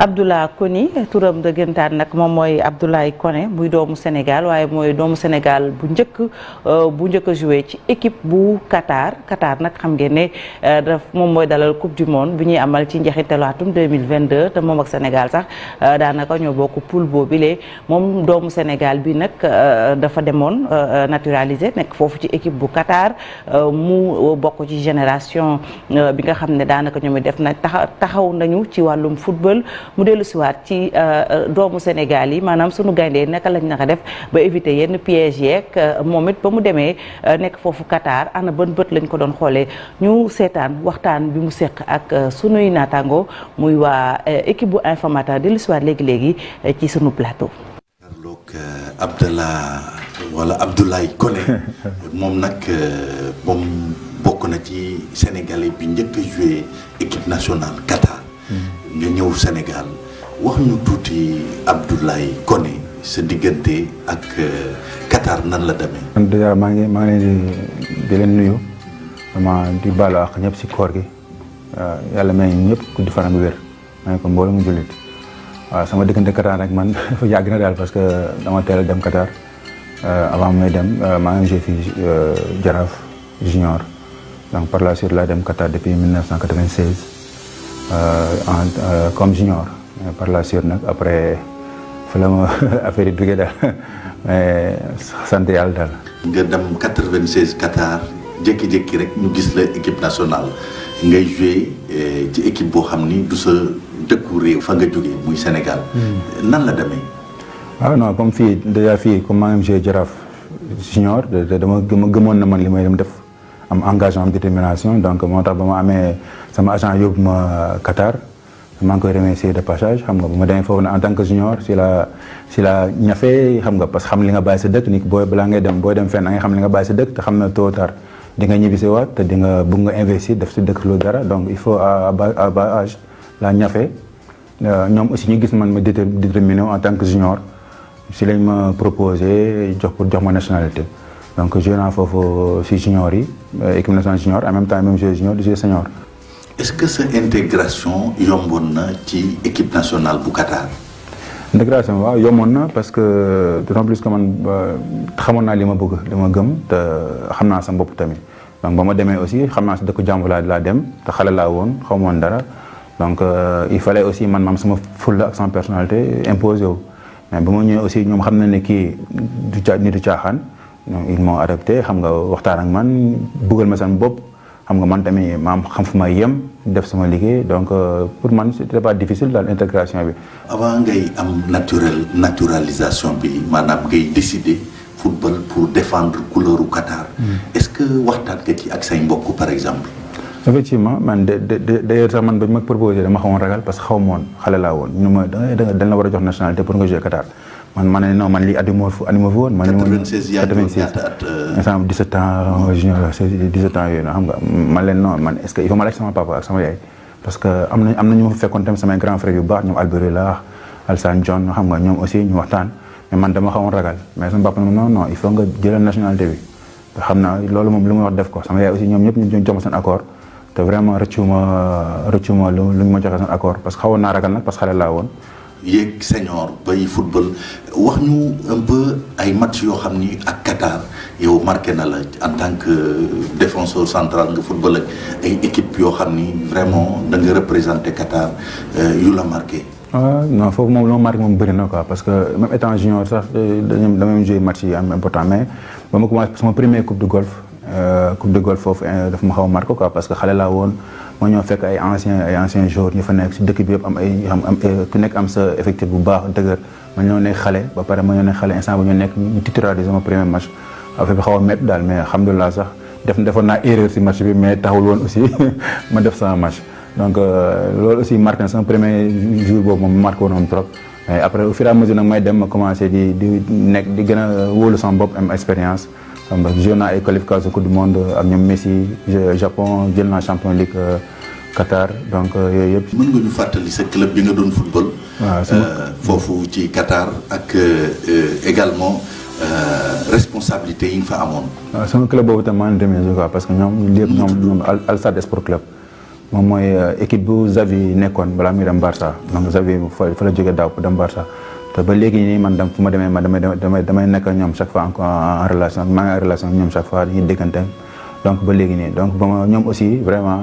Abdoulaye Koni turam dëggantaan nag moom mooy Abdoulaye Koné muy doomu Sénégal waaye mooy doomu Sénégal bu njëkk euh, bu njëkk a ci équipe bu Qatar Qatar nag xam ngeen ne euh, moom mooy dalal coupe du monde bu ñuy amal ci njeexitalu atum 2022 te moom ak Sénégal sax euh, daanaka ñoo bokk poule boobile moom doomu Sénégal bi nag dafa demoon naturalisé nekk foofu ci équipe bu Qatar mu bokk ci génération bi nga xam ne daanaka ñoom def na taxaw nañu ci wàllum football. mu dellu siwaat ci euh, euh, doomu Sénégal yi maanaam sunu gayndee naka lañ naka def ba éviter yenn piège yeeg euh, moom it ba mu demee nekk foofu Qatar ana bën bët lañu ko doon xoolee ñu seetaan waxtaan bi mu seq ak sunuy naataango muy waa équipe bu Informata dellu siwaat léegi-léegi ci sunu plateau Carlock Abdallah wala Abdoulaye Koné moom nag moom bokk na ci Sénégalais bi njëkk a équipe nationale Qatar mm-hmm. nga ñëw Sénégal wax ñu tuuti Abdoulaye Koné sa diggante ak euh, Qatar nan la demee. man dèjà maa ngi maa ngi di di leen nuyu vraiment di baalu ak ñëpp si koor gi euh, yàlla may ñëpp ku di faram wér maa ngi ko mbooloo mu jullit waaw sama diggante Qatar nag man dafa yàgg na daal parce que dama teel a dem Qatar euh, avant may dem maa ngi joué fii Jaraaf junior donc par la suite laa dem Qatar depuis Euh, en euh, comme junior euh, par la suite nag après fa la ma affaire yi duggee daal mais sant yàlla daal. nga dem quatre-vingt-seize Qatar jékki-jékki rek ñu gis la équipe nationale ngay joué eh, ci équipe boo xam ni du sa dëkku réew. fa nga jógee muy Sénégal. Hmm. nan la demee. ah non comme fii déjà fii comme maa ngi joué junior dama gëmoon na man li may dem def. am engagement am détermination donc moo tax ba ma amee sama agent yóbbu ma Qatar maa ngi koy remercier de passage xam nga bu ma demee foofu na en tant que junior si la si la ñafe xam nga parce que xam li nga bàyyi sa dëkk ni balaa ngay dem booy dem fenn da ngay xam li nga xam na tôt ou tard di nga ñibbisi waat di nga bëgg nga investir def si dëkk dara donc il faut à bas la ñafe euh, ñoom aussi ñu gis man ma déterminé en tant que junior si lañ ma proposé jox pour jox ma nationalité donc joué foofu si junior yi euh, équipe nationale junior en même temps même joué junior di joué senior. est-ce que sa intégration yomboon na ci équipe nationale bu Qatar. intégration waaw yomboon na parce que d'autant plus que man euh, xamoon naa li ma bëgg li ma gëm te xam naa sa mbopp tamit donc ba ma demee aussi xam naa si dëkku jàmbur laa laa dem te xale laa woon xamu dara donc euh, il fallait aussi man maam sama fulla ak personalité personnalité wu mais ba ma ñëwee aussi ñoom xam na ne kii du ca nitu caaxaan. donc ils m'ont adopté xam nga waxtaan ak man buggal ma seen bopp xam nga man tamit maam xam fu ma yem def sama liggéey donc euh, pour man c'était pas difficile daal intégration bi. avant ngay am naturel naturalisation bi maanaam ngay décider football mm. que waxtaan nga ci ak say mbokk par exemple. effectivement man de de d'ailleurs sax man ba ñu que xaw ma woon xale laa woon ñu ma da nga dañ la war a jox nationalité pour nga jouer Qatar. man ma ne man lii animaux fi animaux fi woon. man li ma 96 yaa ngi fi euh, woon euh, euh, man leen sama papa sama yaay. parce que am na am na ñu ma samay grand frère yu baax ñoom Albert la Alsane xam nga ñoom aussi ñu waxtaan mais man dama xawoon ragal mais sama papa non non il faut nga jëlal nationalité bi. xam naa loolu moom lu muy wax def ko sama yaay aussi ñoom ñëpp ñu jox ma seen accord te vraiment rëccu ma lu ñu ma joxe accord parce que xawoon naa ragal nag parce que xale laa woon. yéeg senior bay football wax ñu un peu ay match yoo xam ni ak Qatar yow marqué na la en tant que euh, défenseur central nga football ay équipe yoo xam ni vraiment da nga représenté Qatar euh, yu la marqué. ah non foofu moom loo marqué moom bëri na quoi parce que même étant junior sax euh, dañu damay joué match yi am important mais ba ma commencé sama premier coupe de golf. Euh, coupe de golf foofu euh, daf ma xaw a marqué quoi parce que xale laa woon moo ñoo fekk ay anciens ay anciens joueurs fa nekk si dëkk bi yëpp am ay am am euh, ku am sa effectif bu baax dëgër ma ñoo nekk xale ba pare ma ñoo nekk xale instant ba ñoo nekk ñu titularisé sama premier match affaire bi xaw a métti daal mais alhamdulilah sax def defoon naa erreur si match bi mais taxul woon aussi ma def sama match donc loolu aussi marqué na sama premier jour boobu moom marqué woon trop. mais après u fur et à mesure nag may dem ma commencé di di nekk di gën a wóolu sama bopp am expérience. parce que joué naa ay qualification coupe du monde ak ñoom Messi Japon jël naa champion league euh, Qatar donc euh, yooyu yëpp. mën nga ñu fàttali sa club bi nga doon football. Euh, foofu ci Qatar ak également responsabilité yi nga fa amoon. waaw sama club boobu tam maa ngi remercié quoi parce que ñoom lépp ñoom ñoom Al Sadd Sport Club. moom mooy équipe bu Xavi nekkoon balaa muy dem Barça donc Xavi fa la jógee daaw pour dem Barça. te ba léegi nii man dam ma demee ma damay damay damay nekk ak ñoom chaque fois en relation maa ngi en relation ak ñoom chaque fois dañuy déggante donc ba léegi nii donc ba ma ñoom aussi vraiment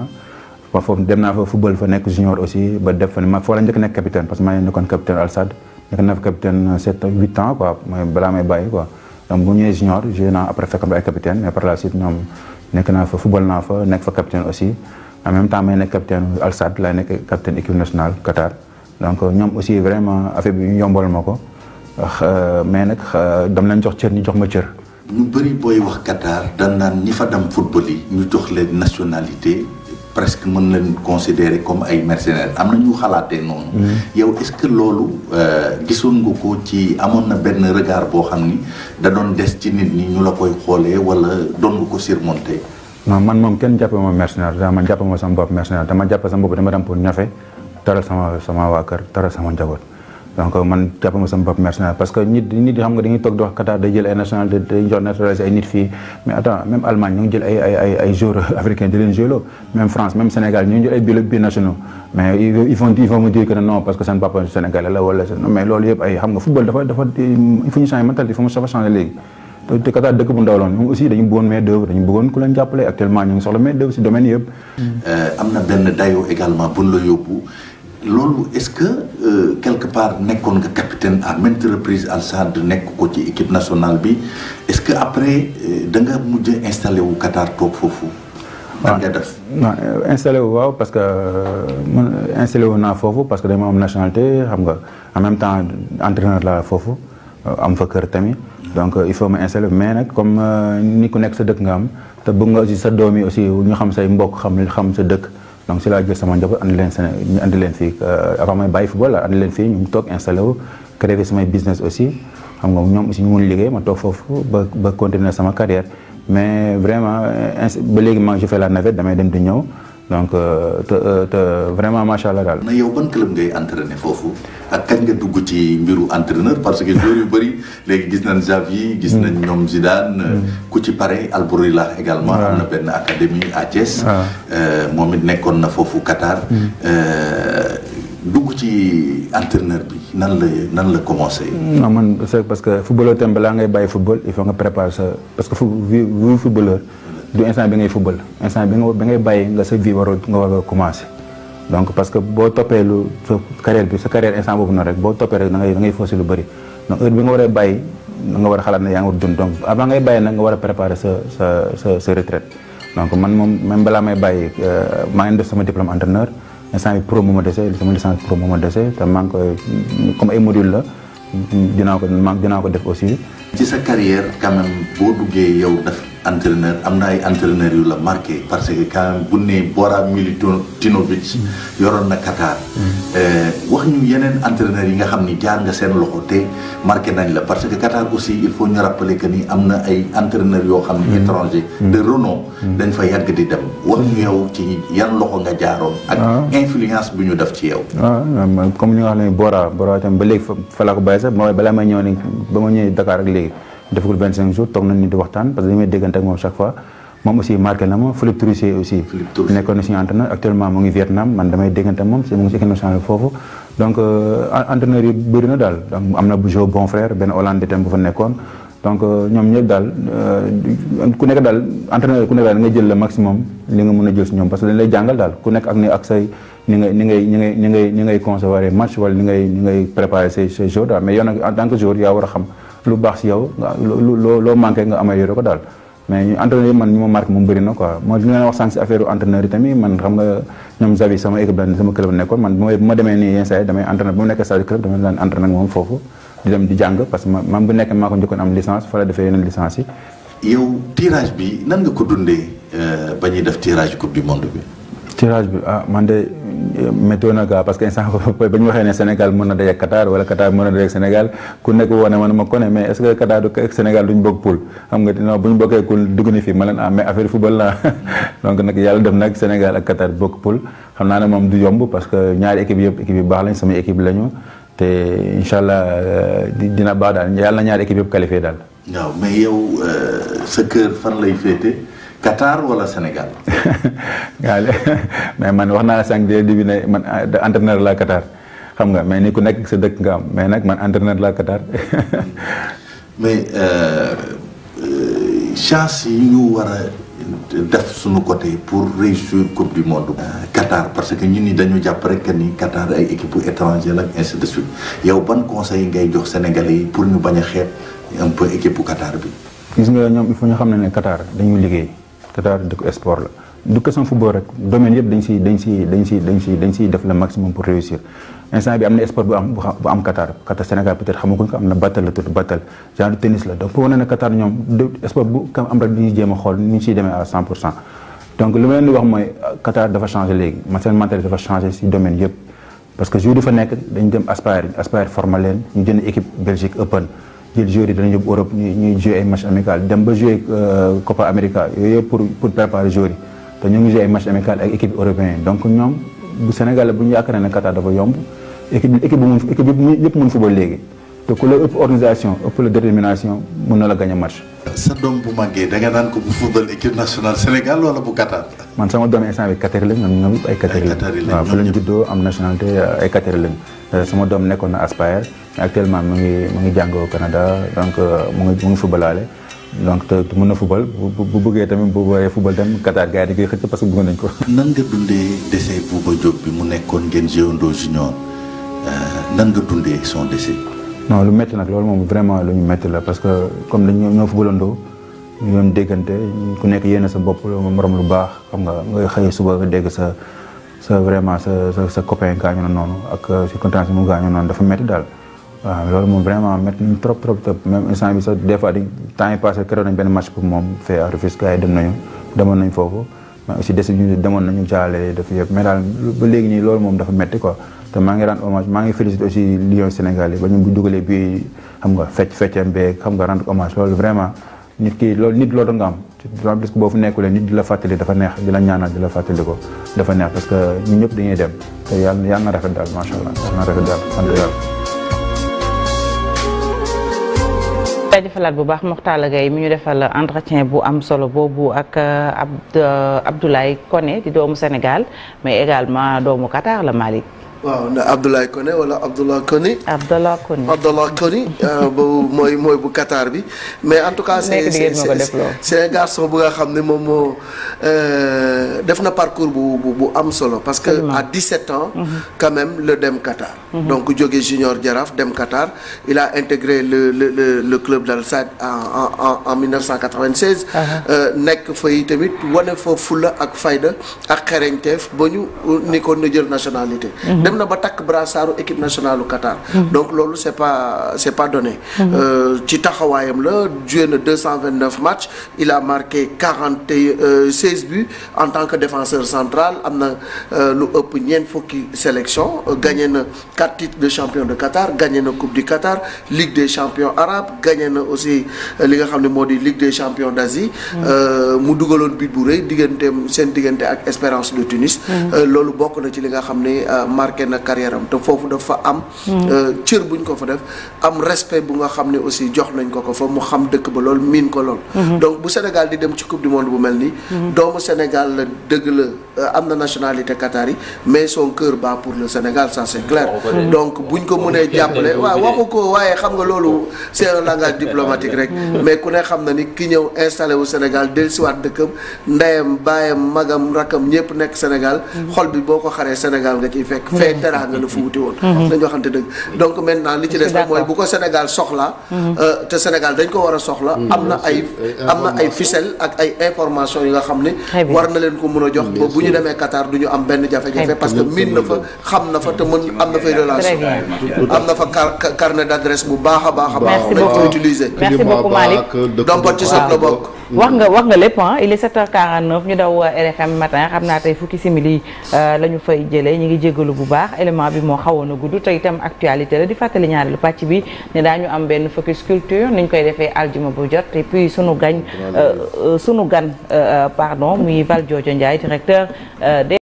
ma foofu dem naa fa football fa nekk junior aussi ba def fa ma foo la njëkk nekk capitaine parce que maa ngi nekkoon capitaine Al Sadd nekk naa fa capitaine sept huit ans quoi mooy balaa may bàyyi quoi bu ñëwee junior joué naa après fekk ba ay capitaine mais par la ñoom nekk naa fa football naa fa nekk fa capitaine aussi en temps may nekk capitaine Al Sadd laay nekk capitaine équipe donc ñoom aussi vraiment affaire bi ñu yombal ma ko euh, mais nag euh, dam lañ jox cër ñu jox ma cër. ñu bëri booy wax Qatar. dañ naan ñi fa dem football yi. ñu jox leen nationalité presque mën leen considérer comme ay mercenaires am na ñu xalaatee noonu. Mm-hmm. yow est que loolu euh, gisoon nga ko ci amoon na benn regard boo xam ni da doon des ci nit ñi ñu la koy xoolee wala doon nga ko surmonter. non man moom kenn jàppee ma mercenaire dama jàpp ma sama bopp mercenaire dama jàpp sama bopp dama dem pour teral sama sama teral sama njaboot donc man jàppama sama bopp mercenaire parce que nit xam nga dañuy toog di wax day jël ay nationalité day nit fii mais attends même Allemagne ñu jël ay ay ay ay joueurs africains France même Sénégal ñu jël ay bi bi nationaux mais ils vont ils vont nga football ñu changer mentalité il mu dafa changer léegi te Qatar dëkk bu ndaw la aussi dañu bëggoon main d'œuvre dañu bëggoon ku leen jàppale actuellement ñu soxla main loolu est-ce que euh, quelque part nekkoon nga capitaine à maintes reprises Al Sadd nekk ko ci équipe nationale bi est-ce que après euh, da nga mujj installé wu Qatar toog foofu. waaw ah, nga def euh, wu waaw parce que euh, man installé wu naa foofu parce que dama am nationalité xam nga en même temps entraîneur la foofu am fa kër tamit. donc il faut ma installé mais nag comme ni ku nekk sa dëkk nga am te bëgg nga aussi sa doom yi aussi ñu xam say mbokk xam xam sa dëkk. donc si laa jël sama njaboot andi leen Sénégal ñu andi leen fii euh, avant may bàyyi football la andi leen fii ñu toog installé wu créé samay business aussi xam nga ñoom aussi ñu mun liggéey ma toog foofu ba ba continuer sama carrière mais vraiment euh, ba léegi maa ngi je navette damay dem di ñëw. donc euh, te euh, te vraiment macha allah daal. na yow ban club ngay entraîné foofu ak kañ nga dugg ci mbiru entraîneur parce que joueurs yu bëri léegi gis nañ Xavi. gis hmm. nañ ñoom Zidane. Hmm. Euh, ku ci pare Albourila également. Hmm. am na benn académie à moom it nekkoon na foofu Qatar. dugg ci entraîneur bi nan la nan la commencé. non man parce que footballeur tam balaa ngay bàyyi football il faut nga préparer sa parce que footballeur. du instant bi ngay football instant bi nga bi ngay bàyyi nga sa vie waroo nga war a commencé donc parce que boo toppee lu sa carrière bi sa carrière instant boobu na rek boo toppee rek da ngay da ngay faussé nga war a a xalaat ne yaa ngi war dund donc avant ngay bàyyi nag nga war a préparer sa sa sa donc man moom même balaa may bàyyi euh, maa ngi def sama diplôme entraîneur instant bi pro mooma dese sama licence moom mooma dese te maa ngi koy comme ay module la dinaa ko maa dinaa ko def aussi ci sa carrière quand même yow entraîneur am na ay entraîneurs yu la marqué parce que quand même bu ne Bora Milutinovic yoroon na Qatar. Mm. Eh, wax ñu yeneen entraîneurs yi nga xam ni jaar nga seen loxo te marqué nañ la parce que Qatar aussi il faut ñu rappeler que nii am na ay entraîneurs yoo xam ni mm. étranger mm. de renom dañ fa yàgg di dem wax ñu yow ci yan loxo nga jaaroon ak ah. influence bu ñu def ci yow ah, comme ñu nga xam ne Bora Bora tam ba léegi fa la ko bàyyi sax mooy balaa may ñëw ni ba ma ñëwee Dakar ak léegi defagul 25 jours toog nañ ni di waxtaan parce que dañu may déggante ak moom chaque fois moom aussi marqué na ma Philippe Touré aussi nekkoon na suñu entraîneur actuellement mu ngi Vietnam man damay déggante moom si mu ngi si équipe euh, yi bëri na daal am na Jo Bonfrère benn Hollande itam bu fa nekkoon donc euh, ñoom ñëpp daal euh, ku nekk daal entraîneur ku nekk daal nga jël le maximum li nga mën a jël si parce que dañ lay jàngal daal ku nekk ak ni ak say ni ngay ni ngay ni ngay ni ngay ni ngay concevoir match wala ni war a xam lu baax si yow loo loo manqué nga amélioré ko daal mais ñu yi man ñu ma marqué moom bëri na quoi mooy li nga wax sànq affaire entraîneur yi tamit man xam nga ñoom Xavi sama la sama club nekkoon man di dem di jàng parce que man bu nekkee maa ko njëkkoon am licence fa la defee licence yi yow tirage bi nan nga ko euh, ba ñuy def tirage coupe monde bi tirage bi ah man de météo na quoi ah, parce que instant ba ñu waxee ne Sénégal mën na dajeeg Qatar wala Qatar mën na dajeeg Sénégal ku nekk woo ne man ma ko mais est ce que Qatar du Sénégal duñ bokk poule xam nga non bu bokkee poule dugg fii ma leen ah mais affaire football la donc nag yàlla def nag Sénégal ak Qatar bokk poule xam naa ne moom du yomb parce que ñaari équipe yëpp équipe yu baax lañ sama équipe lañu te incha allah euh, dina baax daal yàlla na ñaari équipe yëpp qualifié daal. waaw mais yow euh, sa kër Qatar walla Sénégal. mais man wax naa la sànq dès début man ah, entraîneur la Qatar xam nga mais ni ku nekk sa dëkk nga am mais nag man entraîneur la Qatar. mais euh, euh, chance yi ñu war a def suñu côté pour réussir coupe du monde. Euh, Qatar parce que ñun ñi dañu jàpp rek que Qatar ay équipe étrangère la ak ainsi suite yow ban conseil ngay jox Sénégalais yi pour ñu bañ a xeeb un équipe Qatar bi. gis nga ñoom ñu xam ne ne Qatar dañuy liggéey. te daal dëkk sport la du question football rek domaine yëpp dañ siy dañ siy dañ siy def le maximum pour réussir instant bi am na sport bu am Qatar Qatar Sénégal peut-être xamaguñ ko am na battal la tudd battal genre tennis la donc pour wane ne Qatar xool ni ñu siy demee à 100 pour ma leen di wax mooy Qatar dafa changé léegi man seen dafa changé si domaine yëpp parce que jour du fa nekk dañ dem aspire aspire formal leen ñu jënd équipe Belgique Open jël joueurs yi dana yóbbu Europe ñuy ay match amical dem ba jouer euh, Copa America yooyu yëpp pour pour préparer joueurs yi te ñu ngi jouer ay match amical ak équipe européenne donc ñoom bu Sénégal bu ñu yaakaar ne Qatar dafa yomb équipe équipe bu mun football léegi te ku la ëpp organisation ëpp la détermination mën na la gañ a match. sa doom bu màggee da nga naan ko bu football équipe nationale Sénégal wala bu Qatar. man sama doom instant bi Qatar ay Qatar lañ waaw euh, euh, doom nekkoon na Aspire actuellement mu ngi mu ngi jàngoo Canada donc euh, mu ngi mu ngi footballaale donc te mun na football bu bu bëggee tamit bu waree football dem Qatar gars yi dañ koy parce que bëgg nañ ko. nan nga dundee décès Bouba Diop bi mu nekkoon ngeen Géondo junior nan nga dundee son non lu métti nag loolu moom vraiment lu ñu métti la parce que comme dañoo ñoo fubalandoo ñoom déggante ku nekk yéene sa bopp morom lu baax xam nga ngay xëy suba nga dégg sa sa vraiment sa sa sa copain gaañu na noonu ak circonstance mu gaañu noonu dafa metti daal. waaw loolu moom vraiment métti nañu trop trop trop même instant bi sax des fois di temps yi passé keroog nañ benn match pour moom fee à Rufisque yi dem nañu demoon nañ foofu. mais aussi des ñu demoon nañu jaale def yëpp mais daal ba léegi nii loolu moom dafa metti quoi te maa ngi rendre hommage maa ngi félicité aussi Lions Sénégal yi ba ñu dugalee bi xam nga fecc feccam beeg xam nga rendre hommage loolu vraiment nit ki loolu nit loolu nga am en plus que boo fu nekkulee nit di la fàttali dafa neex di la ñaanal di la fàttali ko dafa neex parce que ñu ñëpp dañuy dem te yàlla yàlla na rafet daal macha allah yàlla na rafet daal sant yàlla jaajëfalaat bu baax Mokhtar yi mu ñu defal entretien bu am solo boobu ak euh, Abdoulaye Koné di doomu Sénégal mais également doomu Qatar la waaw na Abdoulaye Koné wala Abdallah Koné. Abdallah Koné euh, mooy bu Qatar bi. mais en tout cas c'est c'est un bu nga xam ne moom moo euh, def na parcours bu bu am solo. parce que à 17 ans. Mm-hmm. quand même le dem Qatar. Mm-hmm. donc jóge junior Jaraaf dem Qatar il intégré le le le club d'Al Sadd en en en 1996. Uh-huh. Euh, nekk fa yi tamit wane fa fulla ak fayda ak xereñteef ba ñu ni ko na jël nationalité. Mm-hmm. dem na ba takk brassaaru équipe nationale u Qatar. Mm-hmm. donc loolu c' est pas c' pas donné. Mm-hmm. Euh, ci taxawaayam la joué na 229 matchs il a marqué 40 euh, en tant que défenseur centrale am na euh, lu ëpp ñeent fukki sélection mm-hmm. gagné na 4 titres de champion de Qatar gagné na coupe du Qatar ligue des champions arabes gagné na aussi li nga xam ne moo di ligue des champions d' Asie. mu dugaloon but bu rëy digganteem seen diggante ak Espérance de Tunis. loolu bokk na ci li nga xam ne marqué na carrière am te foofu dafa am. Hmm. Euh, cër buñ ko fa def am respect bu nga xam ne aussi jox nañ ko ko fa mu xam dëkk ba lool miin ko lool. Hmm. donc bu Sénégal di dem ci coupe du monde bu mel nii. Hmm. doomu Sénégal la dëgg la euh, am na nationalité Qatari mais son cœur bat pour le Sénégal ça c'est clair. donc buñ ko mënee jàppale waaw waxu ko waaye xam nga loolu c'est un langage diplomatique rek. mais ku ne xam na ni ki ñëw installé wu Sénégal dellusiwaat dëkkam ndeyam baayam magam rakam ñëpp tey teraanga la fu wuti woon mhm. mhm. dañu waxante dëgg donc maintenant li ci des mooy bu ko Sénégal soxla mhm. euh, te Sénégal dañ ko war a soxla am na ay am na ay ficelle ak ay information yi nga xam ne war na leen ko mën a jox ba bu ñu demee Qatar du ñu am benn jafe-jafe parce que miin na fa xam na fa te mën am na fay a am na fa carnet d'adresse bu baax a baax a baax nañ ko utiliser dompat ci sot la bokk wax nga wax nga lépp ah il est 7h49 ñu daw euh, RFM matin xam naa tey fukki simili euh, la ñu fay jëlee ñu ngi jégalu bu baax élément bi moo xawoon a gudd te itam actualité la di fàttali ñaareelu pàcc bi ne daa ñu am benn fukki culture ni koy defee aljuma bu jot et puis sunu gañ suñu gan euh, pardon muy Valdiodio Ndiaye directeur